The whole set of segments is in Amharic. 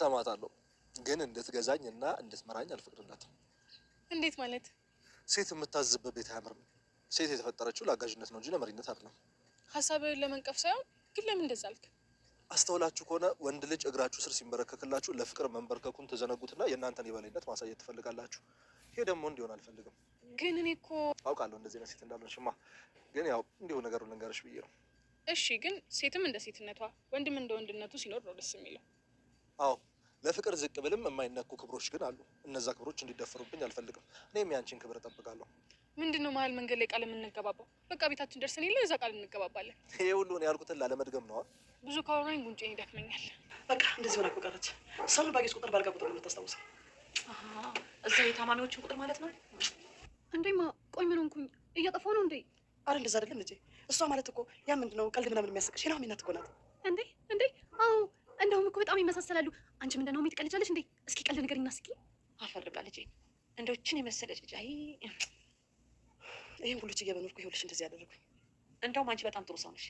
ሰማታለሁ፣ ግን እንድትገዛኝ እና እንድትመራኝ አልፈቅድላትም። እንዴት ማለት? ሴት የምታዝበት ቤት አያምርም። ሴት የተፈጠረችው ለአጋዥነት ነው እንጂ ለመሪነት አይደለም። ሀሳብህን ለመንቀፍ ሳይሆን ግን ለምን እንደዛ አልክ? አስተውላችሁ ከሆነ ወንድ ልጅ እግራችሁ ስር ሲንበረከክላችሁ ለፍቅር መንበርከኩን ተዘነጉትና የእናንተን የበላይነት ማሳየት ትፈልጋላችሁ። ይሄ ደግሞ እንዲሆን አልፈልግም። ግን እኔ እኮ አውቃለሁ እንደዚህ ነው ሴት እንዳልሆንሽማ፣ ግን ያው እንዲሁ ነገሩን ልንገርሽ ብዬ ነው። እሺ፣ ግን ሴትም እንደ ሴትነቷ ወንድም እንደ ወንድነቱ ሲኖር ነው ደስ የሚለው። አዎ ለፍቅር ዝቅ ብልም የማይነኩ ክብሮች ግን አሉ። እነዛ ክብሮች እንዲደፈሩብኝ አልፈልግም። እኔም ያንቺን ክብር እጠብቃለሁ። ምንድን ነው መሀል መንገድ ላይ ቃል የምንገባባው? በቃ ቤታችን ደርሰን የለ እዛ ቃል እንገባባለን። ይሄ ሁሉ እኔ ያልኩትን ላለመድገም ነዋ። ብዙ ካወራኝ ጉንጭን ይደክመኛል። በቃ እንደዚህ ሆና በቀረች። ሰሉ ባጌስ ቁጥር ባልጋ ቁጥር ታስታውሰ እዛ የታማሚዎችን ቁጥር ማለት ነው እንዴ? ማ ቆይ ምን ሆንኩኝ? እያጠፋሁ ነው እንዴ? አረ እንደዛ አይደለም ልጄ። እሷ ማለት እኮ ያ ምንድነው ቀልድ ምናምን የሚያስቅሽ ናሆም ሚናት እኮ ናት እንዴ? እንዴ? አዎ እንደውም እኮ በጣም ይመሳሰላሉ። አንቺ ምንድነው የምትቀልጃለሽ እንዴ? እስኪ ቀልድ ነገር እናስኪ። አፈርብላ ልጄ፣ እንደው የመሰለች ልጅ። አይ ይህን ሁሉ ችግር በኖርኩ ይኸውልሽ እንደዚህ ያደረጉኝ። እንደውም አንቺ በጣም ጥሩ ሰው ነሽ።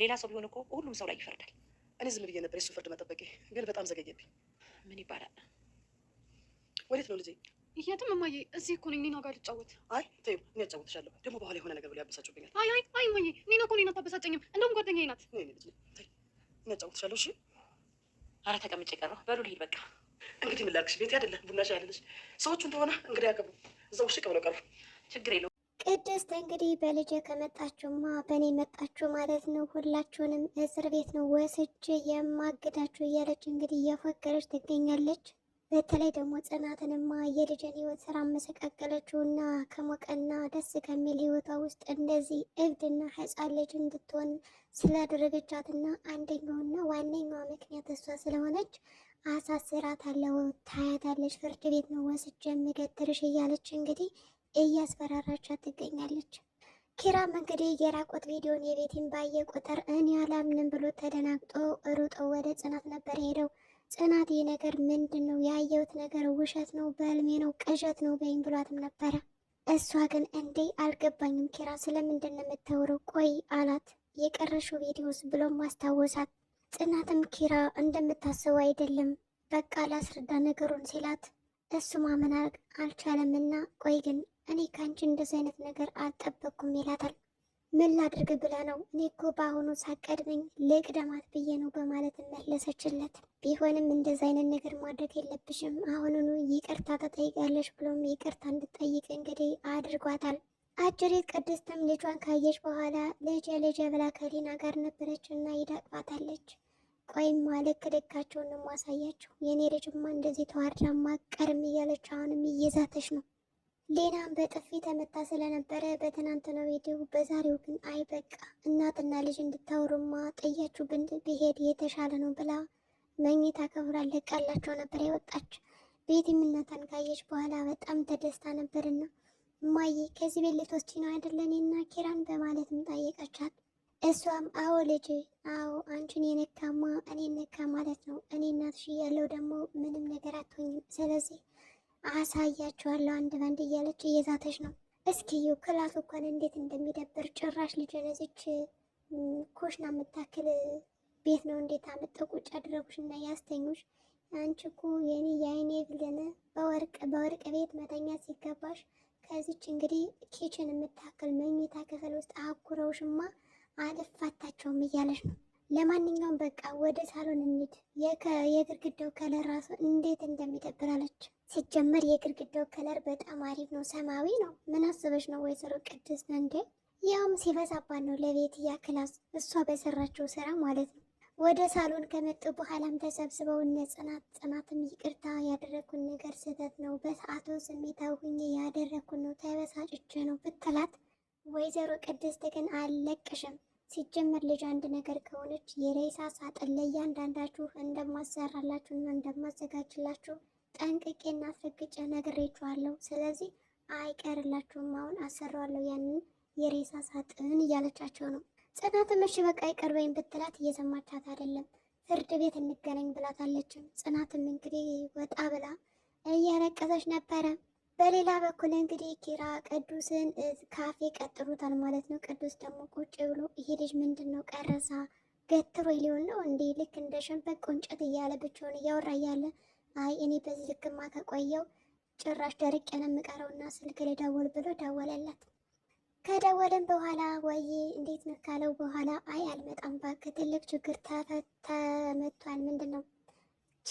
ሌላ ሰው ቢሆን እኮ ሁሉም ሰው ላይ ይፈርዳል። እኔ ዝም ብዬ ነበር የሱ ፍርድ መጠበቄ፣ ግን በጣም ዘገየብኝ። ምን ይባላል? ወዴት ነው ልጄ? የትም እማዬ፣ እዚህ እኮ ነኝ። ኒና ጋር ልጫወት። አይ ተይው፣ እኔ አጫወትሻለሁ። ደግሞ በኋላ የሆነ ነገር ብሎ ያበሳጭብኛል። አይ አይ አይ እማዬ፣ ኒና እኮ እኔን አታበሳጨኝም። እንደውም ጓደኛዬ ናት። እኔ ልጅ ነኝ። ተይ፣ እኔ አጫወትሻለሁ። እሺ አረ ተቀምጬ ቀረሁ። በሉ ልሂድ በቃ። እንግዲህ ምን ቤት አይደለ ቡና ሻይ ያለንሽ ሰዎቹ እንደሆነ እንግዲህ ያገቡ እዛ ውሽቅ ብለው ቀሩ። ችግር የለው። ቅድስት እንግዲህ በልጄ ከመጣችሁማ በእኔ መጣችሁ ማለት ነው፣ ሁላችሁንም እስር ቤት ነው ወስጄ የማግዳችሁ እያለች እንግዲህ እየፎከረች ትገኛለች። በተለይ ደግሞ ጽናትንማ የልጅን ህይወት ስራ መሰቃቀለችው እና ከሞቀና ደስ ከሚል ህይወቷ ውስጥ እንደዚህ እብድና ህፃን ልጅ እንድትሆን ስላደረገቻትና አንደኛውና ዋነኛዋ ምክንያት እሷ ስለሆነች አሳስራት አለው ታያታለች፣ ፍርድ ቤት ነው ወስጄ የምገድልሽ እያለች እንግዲህ እያስፈራራቻት ትገኛለች። ኪራም እንግዲህ የራቆት ቪዲዮን የቤቲን ባየ ቁጥር እኔ አላምንም ብሎ ተደናግጦ ሩጦ ወደ ጽናት ነበር ሄደው ጽናት ይህ ነገር ምንድን ነው? ያየሁት ነገር ውሸት ነው፣ በህልሜ ነው፣ ቅዠት ነው በይም ብሏትም ነበረ። እሷ ግን እንዴ አልገባኝም፣ ኪራ ስለምንድን ነው የምታወረው? ቆይ አላት። የቀረሽው ቪዲዮስ ብሎም ማስታወሳት። ጽናትም ኪራ እንደምታስበው አይደለም፣ በቃ ላስረዳ ነገሩን ሲላት እሱ ማመን አልቻለምና፣ ቆይ ግን እኔ ከአንቺ እንደዚህ አይነት ነገር አልጠበቅኩም ይላታል። ምን ላድርግ ብላ ነው እኔ እኮ በአሁኑ ሳቀድመኝ ልቅደማት ብዬ ነው በማለት መለሰችለት። ቢሆንም እንደዚ አይነት ነገር ማድረግ የለብሽም አሁኑኑ ይቅርታ ተጠይቃለች ብሎም ይቅርታ እንድጠይቅ እንግዲህ አድርጓታል። አጭሪት ቅድስትም ልጇን ካየች በኋላ ልጄ ልጄ ብላ ከሊና ጋር ነበረች እና ይዳቅፋታለች። ቆይማ ልክ ልካቸውን ማሳያቸው የእኔ ልጅማ እንደዚህ ተዋርዳማ ቀርም እያለች አሁንም እየዛተች ነው ሌናም በጥፊ ተመታ ስለነበረ በትናንትናው ቪዲዮ በዛሬው ግን አይ በቃ እናትና ልጅ እንድታወሩማ ጠያችሁ ብንድ ብሄድ የተሻለ ነው ብላ መኝታ ክፍል ለቃላቸው ነበር የወጣች። ቤቲም እናቷን ካየች በኋላ በጣም ተደስታ ነበርና እማዬ ከዚህ ቤት ልትወስጂ ነው አይደለ እኔና ኪራን በማለትም ጠየቀቻት። እሷም አዎ ልጅ አዎ አንቺን የነካማ እኔ ነካ ማለት ነው። እኔ እናትሽ ያለው ደግሞ ምንም ነገር አትሆኝም። ስለዚህ አሳያችኋለሁ አንድ ባንድ እያለች እየዛተች ነው። እስኪ ይኸው ክላሱ እንኳን እንዴት እንደሚደብር ጭራሽ ልጅን እዚች ኮሽና የምታክል ቤት ነው እንዴት አመጠው ቁጭ አድረጉሽ እና ያስተኙሽ። አንቺ እኮ የኔ የአይኔ ብልን በወርቅ በወርቅ ቤት መተኛት ሲገባሽ ከዚች እንግዲህ ኪችን የምታክል መኝታ ክፍል ውስጥ አጉረውሽማ አልፋታቸውም እያለች ነው። ለማንኛውም በቃ ወደ ሳሎን እንሂድ። የግርግዳው ከለር ራሱ እንዴት እንደሚደብር አለች። ሲጀመር የግድግዳው ከለር በጣም አሪፍ ነው፣ ሰማያዊ ነው። ምን አስበሽ ነው ወይዘሮ ቅድስት እንዴ? ያውም ሲበዛባት ነው ለቤት ያክላስ እሷ በሰራችው ስራ ማለት ነው። ወደ ሳሎን ከመጡ በኋላም ተሰብስበው እነ ጽናት ጽናትም ይቅርታ ያደረግኩን ነገር ስህተት ነው፣ በሰዓቱ ስሜታዊ ሁኜ ያደረግኩን ነው፣ ተበሳጭቼ ነው ብትላት፣ ወይዘሮ ቅድስት ግን አልለቅሽም ሲጀመር ልጅ አንድ ነገር ከሆነች የሬሳ ሳጥን ለእያንዳንዳችሁ እንደማሰራላችሁ ና እንደማዘጋጅላችሁ ጠንቅቄና ፍግጭ ነግሬችኋለሁ። ስለዚህ አይቀርላችሁም። አሁን አሰራዋለሁ ያንን የሬሳ ሳጥን እያለቻቸው ነው። ጽናትም እሺ በቃ ይቅርበኝ ብትላት እየሰማቻት አይደለም። ፍርድ ቤት እንገናኝ ብላታለችም። ጽናትም እንግዲህ ወጣ ብላ እያለቀሰች ነበረ። በሌላ በኩል እንግዲህ ኪራ ቅዱስን ካፌ ቀጥሮታል ማለት ነው። ቅዱስ ደግሞ ቁጭ ብሎ ይሄ ልጅ ምንድን ነው ቀረሳ ገትሮ ሊሆን ነው እንዲህ ልክ እንደ ሸንበቅ ቁንጨት እያለ ብቻውን እያወራ እያለ አይ እኔ በዚህ ልክማ ከቆየው ጭራሽ ደርቅ ያለ እና ስልክ ልደውል ብሎ ደወለላት። ከደወለን በኋላ ወይ እንዴት ነው ካለው በኋላ አይ አልመጣም እባክህ ትልቅ ችግር ተመቷል። ምንድን ነው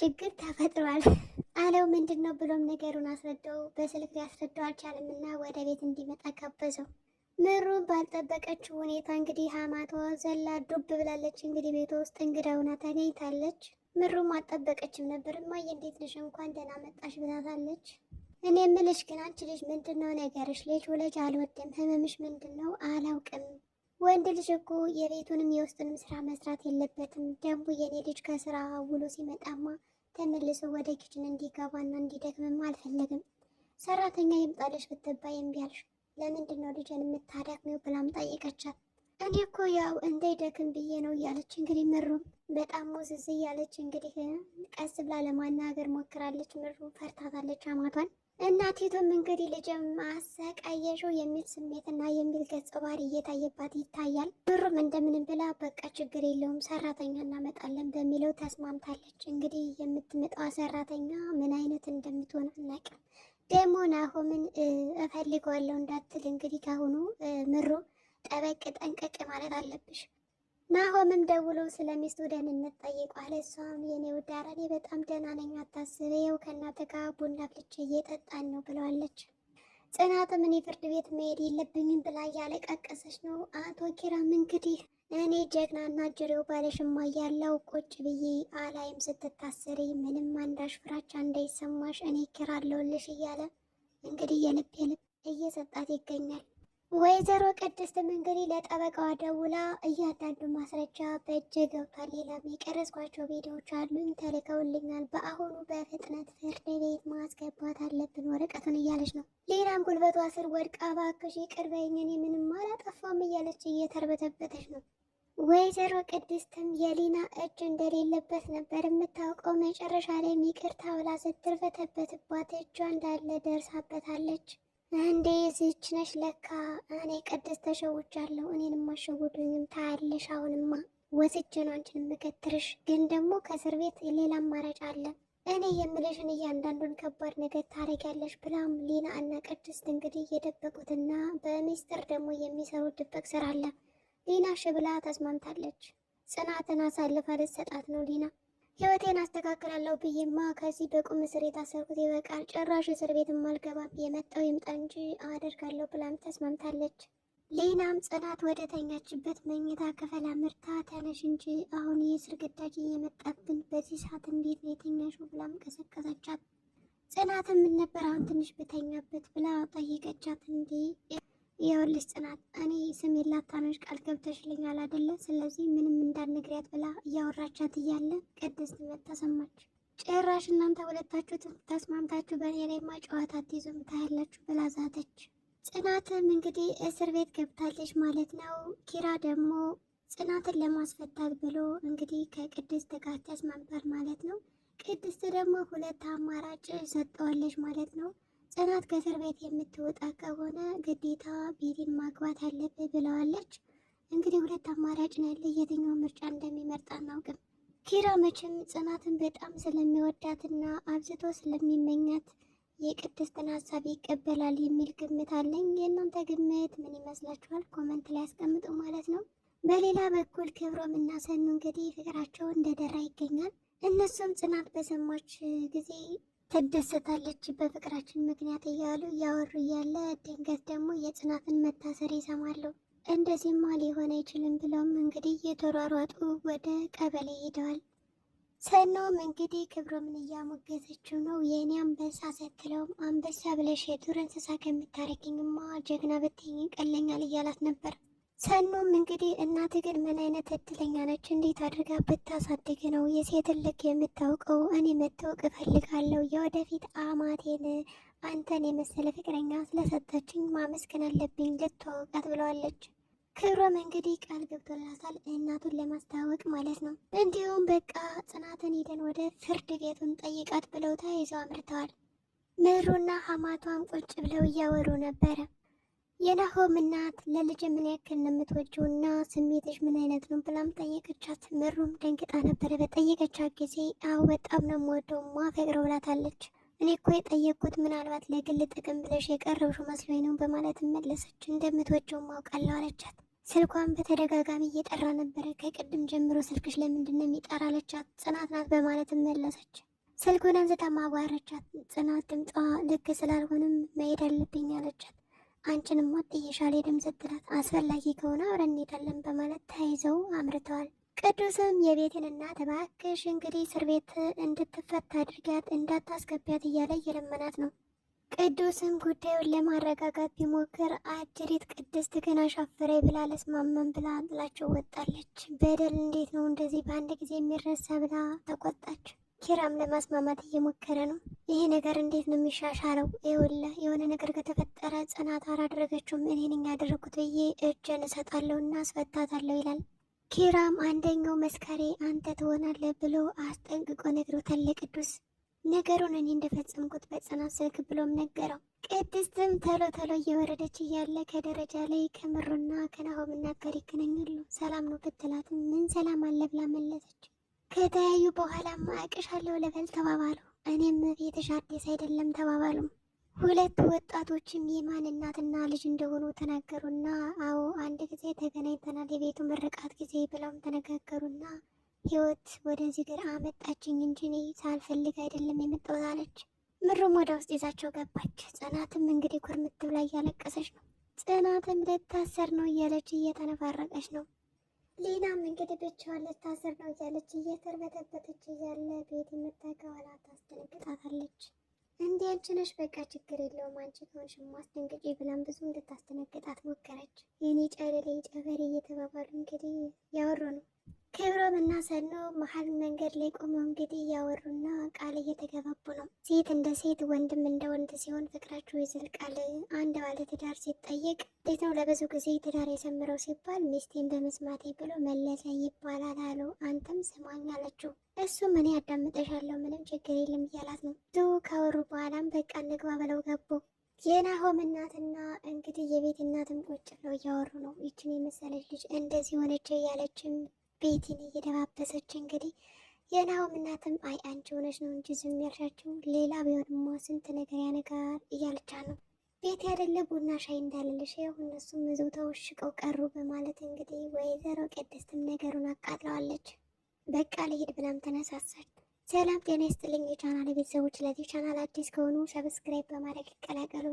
ችግር ተፈጥሯል አለው። ምንድን ነው ብሎም ነገሩን አስረዳው። በስልክ ሊያስረዳው አልቻለም እና ወደ ቤት እንዲመጣ ጋበዘው። ምሩን ባልጠበቀችው ሁኔታ እንግዲህ ሀማቷ ዘላ ዱብ ብላለች። እንግዲህ ቤቷ ውስጥ እንግዳ ተገኝታለች። ምሩም አልጠበቀችም ነበር። እማዬ እንዴት ነሽ? እንኳን ደህና መጣሽ ብላታለች። እኔ ምልሽ ግን አንቺ ልጅ ምንድን ነው ነገርሽ? ልጅ ውለጅ አልወድም። ህመምሽ ምንድን ነው? አላውቅም። ወንድ ልጅ እኮ የቤቱንም የውስጡንም ስራ መስራት የለበትም። ደንቡ የኔ ልጅ ከስራ ውሎ ሲመጣማ ተመልሶ ወደ ኪችን እንዲገባና እንዲደግምም አልፈለግም። ሰራተኛ ይምጣልሽ ብትባይ እምቢ አልሽ። ለምንድን ነው ልጅን የምታደክሚው ብላም ጠይቀቻት። እኔ እኮ ያው እንዳይደክም ብዬ ነው እያለች እንግዲህ ምሩ በጣም ሙዝዝ እያለች እንግዲህ ቀስ ብላ ለማናገር ሞክራለች። ምሩ ፈርታታለች አማቷን እናቲቱም እንግዲህ ልጅም አሰቃየሽው የሚል ስሜትና የሚል ገጸ ባህሪ እየታየባት ይታያል። ብሩም እንደምንም ብላ በቃ ችግር የለውም ሰራተኛ እናመጣለን በሚለው ተስማምታለች። እንግዲህ የምትመጣዋ ሰራተኛ ምን አይነት እንደምትሆን አናውቅም። ደግሞ ናሆምን እፈልገዋለሁ እንዳትል እንግዲህ ካሁኑ ምሩ ጠበቅ ጠንቀቅ ማለት አለብሽ። ናሆምም ደውሎ ስለ ሚስቱ ደህንነት ጠይቋል። እሷም የኔ ውድ እኔ በጣም ደህና ነኝ፣ አታስብ፣ ይኸው ከእናት ጋር ቡና አፍልቼ እየጠጣን ነው ብለዋለች። ጽናት ምን ፍርድ ቤት መሄድ የለብኝም ብላ እያለቀቀሰች ነው። አቶ ኪራም እንግዲህ እኔ ጀግናና ጅሬው ባለሽማ ያለው ቁጭ ብዬ አላይም ስትታሰሪ ምንም አንዳሽ ፍራቻ እንዳይሰማሽ እኔ ኪራ አለሁልሽ እያለ እንግዲህ የልብ የልብ እየሰጣት ይገኛል። ወይዘሮ ቅድስትም እንግዲህ ለጠበቃዋ ደውላ እያንዳንዱ ማስረጃ በእጄ ገብቷል፣ ሌላም የቀረጽኳቸው ቪዲዮዎች አሉኝ ተልከውልኛል፣ በአሁኑ በፍጥነት ፍርድ ቤት ማስገባት አለብን ወረቀቱን እያለች ነው። ሌላም ጉልበቷ ስር ወድቃ እባክሽ ይቅር በይኝ እኔ ምንም አላጠፋም እያለች እየተርበተበተች ነው። ወይዘሮ ቅድስትም የሊና እጅ እንደሌለበት ነበር የምታውቀው። መጨረሻ ላይ ይቅርታ ብላ ስትርበተበትባት እጇ እንዳለ ደርሳበታለች። እንዴ የዚች ነሽ ለካ። እኔ ቅድስት ተሸውጃለሁ። እኔን ማሸወዱኝም ታያለሽ። አሁንማ ወስጄ ነው አንቺን የምገትርሽ። ግን ደግሞ ከእስር ቤት ሌላ አማራጭ አለ። እኔ የምልሽን እያንዳንዱን ከባድ ነገር ታደርጊያለሽ ብላም ሊና እና ቅድስት እንግዲህ የደበቁትና በሚስጥር ደግሞ የሚሰሩት ድብቅ ስራ አለ። ሊና ሽብላ ተስማምታለች። ጽናትን አሳልፋ ልትሰጣት ነው ሊና ህይወቴን አስተካክላለሁ ብዬማ ከዚህ በቁም እስር የታሰርኩት ይበቃል። ጭራሽ እስር ቤት አልገባም፣ የመጣው ይምጣ እንጂ አደርጋለሁ ብላም ተስማምታለች። ሌናም ጽናት ወደ ተኛችበት መኝታ ክፍል አምርታ ተነሽ እንጂ አሁን የእስር ግዳጅ እየመጣብን በዚህ ሰዓት እንዴት ነው የተኛሹ? ብላም ቀሰቀሰቻት። ጽናትም ምን ነበር አሁን ትንሽ ብተኛበት ብላ ጠይቀቻት። እንዴ ይኸውልሽ ጽናት እኔ ስሜን ላታኖች ቃል ገብተሽልኛል አይደለ? ስለዚህ ምንም እንዳንግሪያት ብላ እያወራቻት እያለ ቅድስት መታ ሰማች። ጭራሽ እናንተ ሁለታችሁ ተስማምታችሁ በእኔ ላይማ ጨዋታ አትይዙም ታያላችሁ ብላ ዛተች። ጽናትም እንግዲህ እስር ቤት ገብታለች ማለት ነው። ኪራ ደግሞ ጽናትን ለማስፈታት ብሎ እንግዲህ ከቅድስት ጋር ተስማምቷል ማለት ነው። ቅድስት ደግሞ ሁለት አማራጭ ሰጠዋለች ማለት ነው። ጽናት ከእስር ቤት የምትወጣ ከሆነ ግዴታ ቤቲን ማግባት አለብህ ብለዋለች። እንግዲህ ሁለት አማራጭ ነው ያለ። የትኛው ምርጫ እንደሚመርጥ አናውቅም። ኪራ መቼም ጽናትን በጣም ስለሚወዳትና አብዝቶ ስለሚመኛት የቅድስትን ሀሳብ ይቀበላል የሚል ግምት አለኝ። የእናንተ ግምት ምን ይመስላችኋል? ኮመንት ላይ ያስቀምጡ ማለት ነው። በሌላ በኩል ክብሮም እና ሰኑ እንግዲህ ፍቅራቸው እንደደራ ይገኛል። እነሱም ጽናት በሰማች ጊዜ ትደሰታለች በፍቅራችን ምክንያት እያሉ እያወሩ እያለ ድንገት ደግሞ የጽናትን መታሰር ይሰማሉ። እንደዚህማ ሊሆን አይችልም ብለውም እንግዲህ የተሯሯጡ ወደ ቀበሌ ሄደዋል። ሰናውም እንግዲህ ክብሮምን እያሞገዘችው ነው። የእኔ አንበሳ ስትለውም አንበሳ ብለሽ የዱር እንስሳ ከምታረጊኝማ ጀግና ብትይኝ ቀለኛል እያላት ነበር። ሰኖም እንግዲህ እናት ግን ምን አይነት እድለኛ ነች! እንዴት አድርጋ ብታሳድግ ነው የሴት ልክ የምታውቀው? እኔ መታወቅ እፈልጋለሁ። የወደፊት አማቴን አንተን የመሰለ ፍቅረኛ ስለሰጠችኝ ማመስገን አለብኝ፣ ልትዋወቃት ብለዋለች። ክብሮም እንግዲህ ቃል ገብቶላታል፣ እናቱን ለማስታወቅ ማለት ነው። እንዲሁም በቃ ጽናትን ሂደን ወደ ፍርድ ቤቱን ጠይቃት ብለው ተያይዘው አምርተዋል። ምሩና ሀማቷም ቁጭ ብለው እያወሩ ነበረ። የናሆም እናት ለልጅ ምን ያክል ነው የምትወጂው እና ስሜትሽ ምን አይነት ነው ብላም ጠየቀቻት። ምሩም ደንግጣ ነበረ። በጠየቀቻት ጊዜ አሁ በጣም ነው የምወደው ማፈቅረው ብላታለች። እኔ እኮ የጠየቅኩት ምናልባት ለግል ጥቅም ብለሽ የቀረብሽ መስሎኝ ነው በማለት መለሰች። እንደምትወጂው ማውቃለሁ አለቻት። ስልኳን በተደጋጋሚ እየጠራ ነበረ። ከቅድም ጀምሮ ስልክሽ ለምንድን ነው የሚጠራ አለቻት። ጽናት ናት በማለት መለሰች። ስልኩን አንስታ ማጓረቻት ጽናት ድምጿ ልክ ስላልሆንም መሄድ አለብኝ አለቻት። አንቺንም ወጥ እየሻለ ስትላት አስፈላጊ ከሆነ አብረን እንሄዳለን በማለት ተያይዘው አምርተዋል። ቅዱስም የቤትን እናት እባክሽ እንግዲህ እስር ቤት እንድትፈታ አድርጊያት እንዳታስገቢያት እያለ እየለመናት ነው። ቅዱስም ጉዳዩን ለማረጋጋት ቢሞክር አጅሪት ቅድስት ግን አሻፈረኝ ብላ ለስማመን ብላ ጥላቸው ወጣለች። በደል እንዴት ነው እንደዚህ በአንድ ጊዜ የሚረሳ ብላ ተቆጣች። ኪራም ለማስማማት እየሞከረ ነው። ይሄ ነገር እንዴት ነው የሚሻሻለው? ይውላ የሆነ ነገር ኧረ ጽናት አላደረገችውም እኔን ያደረጉት ብዬ እጄን እሰጣለሁ እና አስፈታታለሁ ይላል። ኪራም አንደኛው መስከሬ አንተ ትሆናለህ ብሎ አስጠንቅቆ ነግሮታል ለቅዱስ። ነገሩን እኔ እንደፈጸምኩት በጽናት ስልክ ብሎም ነገረው። ቅድስትም ተሎ ተሎ እየወረደች እያለ ከደረጃ ላይ ከምሩና ከናሆም ጋር ይገናኛሉ። ሰላም ነው ብትላት ምን ሰላም አለ ብላ መለሰች። ከተያዩ በኋላም አቅሻለሁ ለበል ተባባሉ። እኔም ቤትሽ አዲስ አይደለም ተባባሉም። ሁለት ወጣቶችም የማን እናትና ልጅ እንደሆኑ ተናገሩና አዎ አንድ ጊዜ ተገናኝተናል የቤቱ ምርቃት ጊዜ ብለውም ተነጋገሩና ህይወት ወደዚህ ግር አመጣችኝ እንጂ እኔ ሳልፈልግ አይደለም የመጣሁት አለች። ምሩም ወደ ውስጥ ይዛቸው ገባች። ጽናትም እንግዲህ ኩርምት ብላ እያለቀሰች ነው። ጽናትም ልታሰር ነው እያለች እየተነፋረቀች ነው። ሌናም እንግዲህ ብቻዋን ልታሰር ነው እያለች እየተርበተበተች እያለ ቤት የምታገባላት ታስደነግጣታለች። እንዴ አንቺ ነሽ፣ በቃ ችግር የለውም አንቺ ከሆንሽ ማስደንገጭ ብላን ብዙ እንድታስተነግጣት ሞከረች። የኔ ጨረሬ ጨበሬ እየተባባሉ እንግዲህ ያወሩ ነው። ክብሮም እና ሰኑ መሀል መንገድ ላይ ቆመው እንግዲህ እያወሩና ቃል እየተገባቡ ነው። ሴት እንደ ሴት ወንድም እንደ ወንድ ሲሆን ፍቅራችሁ ይዘልቃል። አንድ ባለ ትዳር ሲጠየቅ እንዴት ነው ለብዙ ጊዜ ትዳር የሰምረው ሲባል ሚስቴን በመስማቴ ብሎ መለሰ ይባላል አሉ። አንተም ስማኝ አለችው። እሱ ምን ያዳምጠሻለሁ፣ ምንም ችግር የለም እያላት ነው። ብዙ ካወሩ በኋላም በቃ እንግባ ብለው ገቡ። የናሆም እናትና እንግዲህ የቤት እናትም ቁጭ ብለው እያወሩ ነው። ይችን የመሰለች ልጅ እንደዚህ ሆነች እያለችም። ቤቲን እየደባበሰች እንግዲህ የናሆም እናትም አይ አንቺ ሆነች ነው እንጂ ዝም ያልሻቸው ሌላ ቢሆንማ ስንት ነገር ያነጋር እያለቻ ነው። ቤት ያደለ ቡና ሻይ እንዳለልሽ ያው እነሱም እዚሁ ተውሽቀው ቀሩ በማለት እንግዲህ ወይዘሮ ቅድስትም ነገሩን አቃጥለዋለች። በቃ ልሂድ ብላም ተነሳሳች። ሰላም ጤና ይስጥልኝ የቻናል ቤተሰቦች። ለዚህ ቻናል አዲስ ከሆኑ ሰብስክራይብ በማድረግ ይቀላቀሉ።